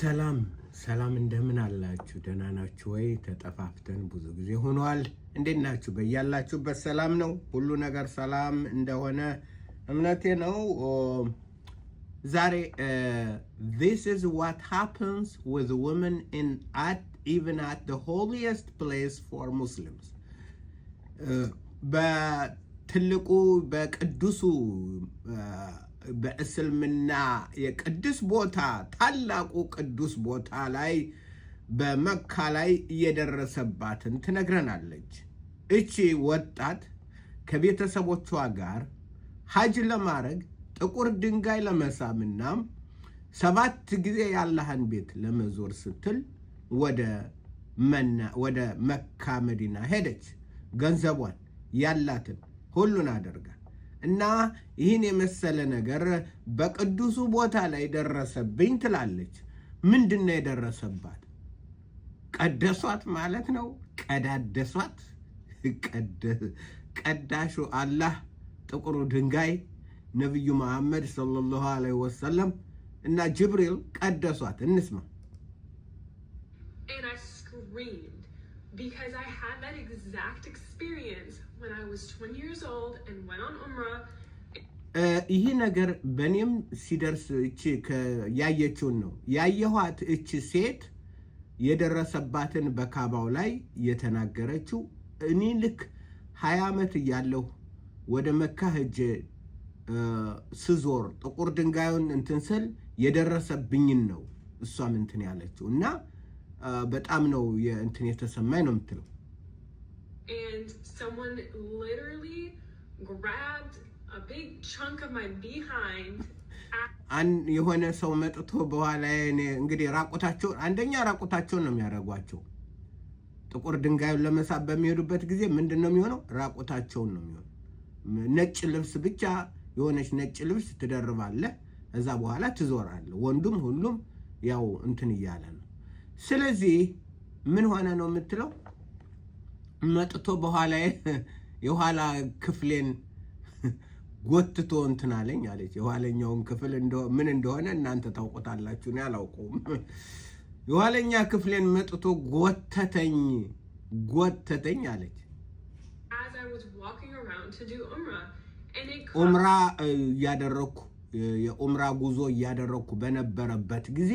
ሰላም ሰላም፣ እንደምን አላችሁ? ደህና ናችሁ ወይ? ተጠፋፍተን ብዙ ጊዜ ሆኗል። እንዴት ናችሁ? በያላችሁበት ሰላም ነው? ሁሉ ነገር ሰላም እንደሆነ እምነቴ ነው። ዛሬ ዚስ ኢዝ ዋት ሃፕንስ ዊዝ ውመን ኢን አት ኢቨን አት ዘ ሆሊየስት ፕሌስ ፎር ሙስሊምስ ትልቁ በቅዱሱ በእስልምና የቅዱስ ቦታ ታላቁ ቅዱስ ቦታ ላይ በመካ ላይ እየደረሰባትን ትነግረናለች። እቺ ወጣት ከቤተሰቦቿ ጋር ሀጅ ለማድረግ ጥቁር ድንጋይ ለመሳምና ሰባት ጊዜ የአላህን ቤት ለመዞር ስትል ወደ መካ መዲና ሄደች። ገንዘቧን ያላትን ሁሉን አደርጋል እና ይህን የመሰለ ነገር በቅዱሱ ቦታ ላይ ደረሰብኝ ትላለች። ምንድን ነው የደረሰባት? ቀደሷት ማለት ነው። ቀዳደሷት። ቀዳሹ አላህ ጥቁሩ ድንጋይ ነቢዩ መሐመድ ሰለላሁ ዐለይሂ ወሰለም እና ጅብሪል ቀደሷት። እንስማ because I had that exact experience when I was 20 years old and went on Umrah. ይህ ነገር በእኔም ሲደርስ እቺ ያየችውን ነው ያየኋት። ሴት የደረሰባትን በካባው ላይ የተናገረችው እኔ ልክ ሀያ ዓመት እያለሁ ወደ መካ ሄጄ ስዞር ጥቁር ድንጋዩን እንትን ስል የደረሰብኝን ነው እሷም እንትን ያለችው እና በጣም ነው እንትን የተሰማኝ ነው የምትለው። የሆነ ሰው መጥቶ በኋላ እንግዲህ ራቁታቸውን አንደኛ ራቁታቸውን ነው የሚያደርጓቸው። ጥቁር ድንጋዩን ለመሳብ በሚሄዱበት ጊዜ ምንድን ነው የሚሆነው? ራቁታቸውን ነው የሚሆነው። ነጭ ልብስ ብቻ የሆነች ነጭ ልብስ ትደርባለህ። እዛ በኋላ ትዞራለህ። ወንዱም ሁሉም ያው እንትን እያለ ነው ስለዚህ ምን ሆነ ነው የምትለው? መጥቶ በኋላ የኋላ ክፍሌን ጎትቶ እንትን አለኝ አለች። የኋለኛውን ክፍል ምን እንደሆነ እናንተ ታውቁታላችሁ፣ እኔ አላውቀውም። የኋለኛ ክፍሌን መጥቶ ጎተተኝ ጎተተኝ አለች። ኡምራ እያደረግኩ የኡምራ ጉዞ እያደረግኩ በነበረበት ጊዜ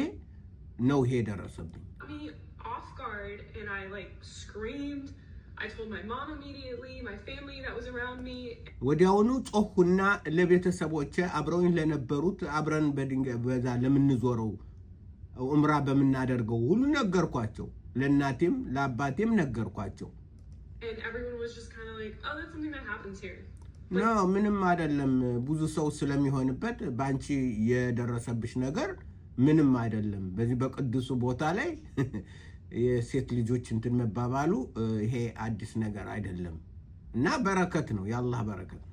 ነው ይሄ የደረሰብኝ። me off guard and I like screamed. I told my mom immediately, my family that was around me. ወዲያውኑ ጮኩና ለቤተሰቦቼ አብረውኝ ለነበሩት አብረን በድንገ በዛ ለምንዞረው ኡምራ በምናደርገው ሁሉ ነገርኳቸው። ለእናቴም ለአባቴም ነገርኳቸው። oh, ምንም አይደለም ብዙ ሰው ስለሚሆንበት በአንቺ የደረሰብሽ ነገር ምንም አይደለም። በዚህ በቅዱሱ ቦታ ላይ የሴት ልጆች እንትን መባባሉ ይሄ አዲስ ነገር አይደለም እና በረከት ነው፣ የአላህ በረከት ነው።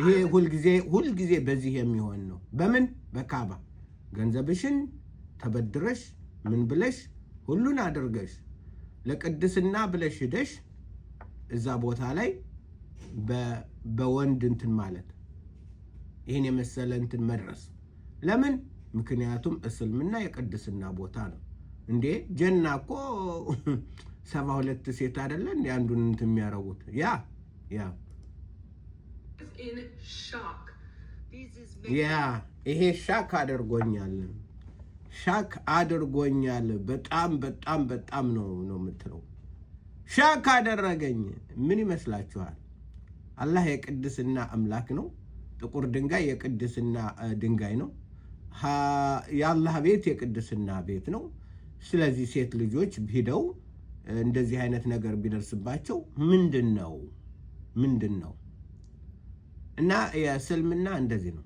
ይሄ ሁልጊዜ ሁልጊዜ በዚህ የሚሆን ነው። በምን በካባ ገንዘብሽን ተበድረሽ ምን ብለሽ ሁሉን አድርገሽ ለቅድስና ብለሽ ሂደሽ እዛ ቦታ ላይ በወንድ እንትን ማለት ይህን የመሰለ እንትን መድረስ ለምን? ምክንያቱም እስልምና የቅድስና ቦታ ነው። እንዴ ጀና እኮ ሰባ ሁለት ሴት አይደለ እንዲ አንዱን እንትን የሚያረጉት ያ ያ ያ ይሄ ሻክ አድርጎኛል፣ ሻክ አድርጎኛል። በጣም በጣም በጣም ነው ነው የምትለው ሻክ አደረገኝ። ምን ይመስላችኋል? አላህ የቅድስና አምላክ ነው። ጥቁር ድንጋይ የቅድስና ድንጋይ ነው። የአላህ ቤት የቅድስና ቤት ነው። ስለዚህ ሴት ልጆች ሂደው እንደዚህ አይነት ነገር ቢደርስባቸው ምንድን ነው ምንድን ነው? እና የእስልምና እንደዚህ ነው።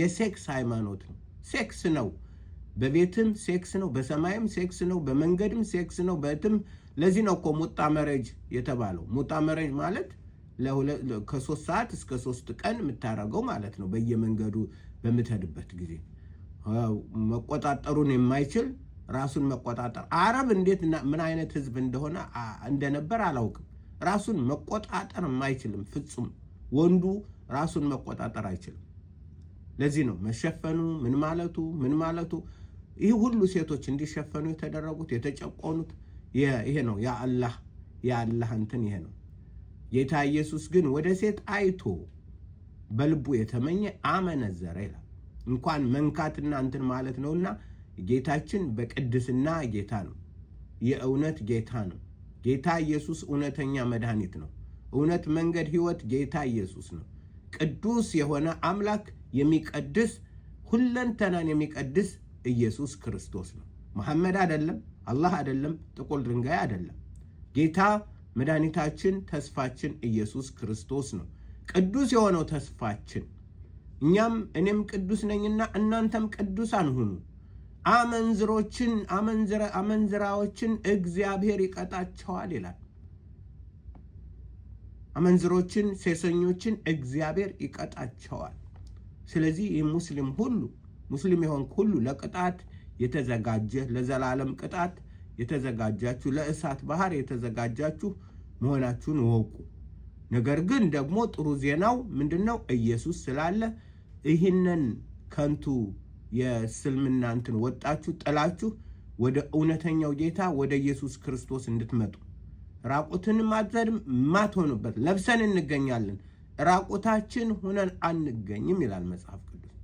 የሴክስ ሃይማኖት ነው። ሴክስ ነው። በቤትም ሴክስ ነው። በሰማይም ሴክስ ነው። በመንገድም ሴክስ ነው። በትም ለዚህ ነው እኮ ሙጣ መሬጅ የተባለው። ሙጣ መረጅ ማለት ከሶስት ሰዓት እስከ ሶስት ቀን የምታደርገው ማለት ነው። በየመንገዱ በምትሄድበት ጊዜ መቆጣጠሩን የማይችል ራሱን መቆጣጠር። አረብ እንዴት ምን አይነት ህዝብ እንደሆነ እንደነበር አላውቅም። ራሱን መቆጣጠር የማይችልም ፍጹም ወንዱ ራሱን መቆጣጠር አይችልም። ለዚህ ነው መሸፈኑ ምን ማለቱ ምን ማለቱ ይህ ሁሉ ሴቶች እንዲሸፈኑ የተደረጉት የተጨቆኑት ይሄ ነው የአላህ የአላህ እንትን ይሄ ነው። ጌታ ኢየሱስ ግን ወደ ሴት አይቶ በልቡ የተመኘ አመነዘረ ይላል። እንኳን መንካትና እንትን ማለት ነውና ጌታችን በቅድስና ጌታ ነው። የእውነት ጌታ ነው። ጌታ ኢየሱስ እውነተኛ መድኃኒት ነው። እውነት፣ መንገድ፣ ህይወት ጌታ ኢየሱስ ነው። ቅዱስ የሆነ አምላክ የሚቀድስ ሁለንተናን የሚቀድስ ኢየሱስ ክርስቶስ ነው። መሐመድ አይደለም። አላህ አይደለም፣ ጥቁር ድንጋይ አይደለም። ጌታ መድኃኒታችን ተስፋችን ኢየሱስ ክርስቶስ ነው። ቅዱስ የሆነው ተስፋችን እኛም እኔም ቅዱስ ነኝና እናንተም ቅዱሳን ሁኑ። አመንዝሮችን አመንዝራዎችን እግዚአብሔር ይቀጣቸዋል ይላል። አመንዝሮችን ሴሰኞችን እግዚአብሔር ይቀጣቸዋል። ስለዚህ ሙስሊም ሁሉ ሙስሊም የሆንክ ሁሉ ለቅጣት የተዘጋጀ ለዘላለም ቅጣት የተዘጋጃችሁ ለእሳት ባህር የተዘጋጃችሁ መሆናችሁን እወቁ። ነገር ግን ደግሞ ጥሩ ዜናው ምንድነው? ኢየሱስ ስላለ ይህንን ከንቱ የስልምናንትን እንትን ወጣችሁ ጥላችሁ ወደ እውነተኛው ጌታ ወደ ኢየሱስ ክርስቶስ እንድትመጡ ራቁትን ማዘድ ማትሆኑበት ለብሰን እንገኛለን፣ ራቁታችን ሁነን አንገኝም ይላል መጽሐፍ ቅዱስ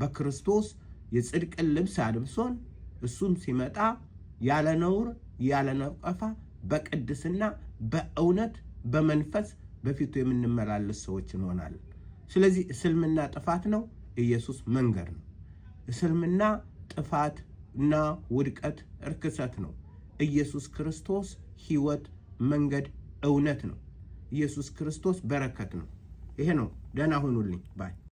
በክርስቶስ የጽድቅን ልብስ አልብሶን እሱም ሲመጣ ያለ ነውር ያለ ነቀፋ በቅድስና በእውነት በመንፈስ በፊቱ የምንመላለስ ሰዎች እንሆናለን። ስለዚህ እስልምና ጥፋት ነው፣ ኢየሱስ መንገድ ነው። እስልምና ጥፋት እና ውድቀት እርክሰት ነው። ኢየሱስ ክርስቶስ ሕይወት፣ መንገድ፣ እውነት ነው። ኢየሱስ ክርስቶስ በረከት ነው። ይሄ ነው። ደህና ሁኑልኝ ባይ